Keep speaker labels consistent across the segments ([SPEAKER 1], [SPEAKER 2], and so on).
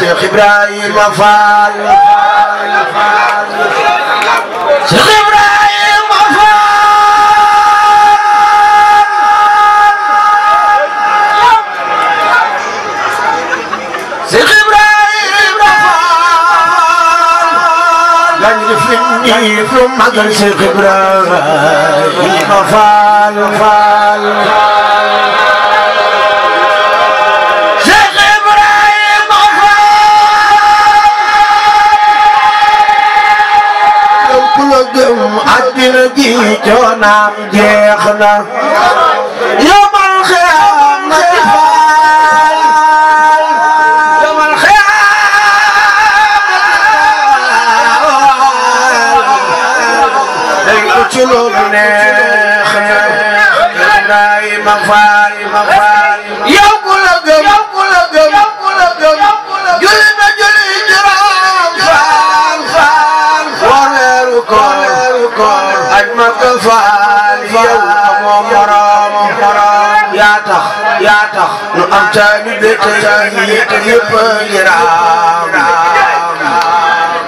[SPEAKER 1] Cheikh Ibrahima Fall Cheikh Ibrahima Fall Cheikh Ibrahima Fall lan yëfini lu magal Cheikh Ibrahima Fall Fall ku la gëm àddina gi coonaam jeex na yomal xeyaam na ci faal yomal xeyaam day ko ci lu neex na day ma faal ma faal aj ma ko faal yow amoo moroom moroom yaa tax yaa tax nu am taalibe te yëpp a niraam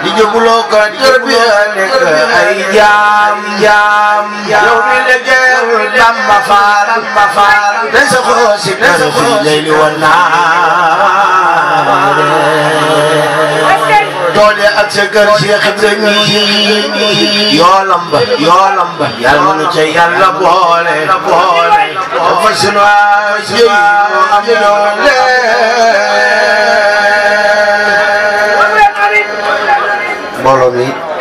[SPEAKER 1] di jëguloo ko tërbiya nekk ay jaam jaam yow mi liggéey Bamba Faal Bamba Faal te sa xoo si kër fi lay li wanaam sa kër Cheikh Ibrahima yoolam ba yoolam ba yàlla nu ca yàlla boole boole dafa sunu aajo am doole mbooloo mi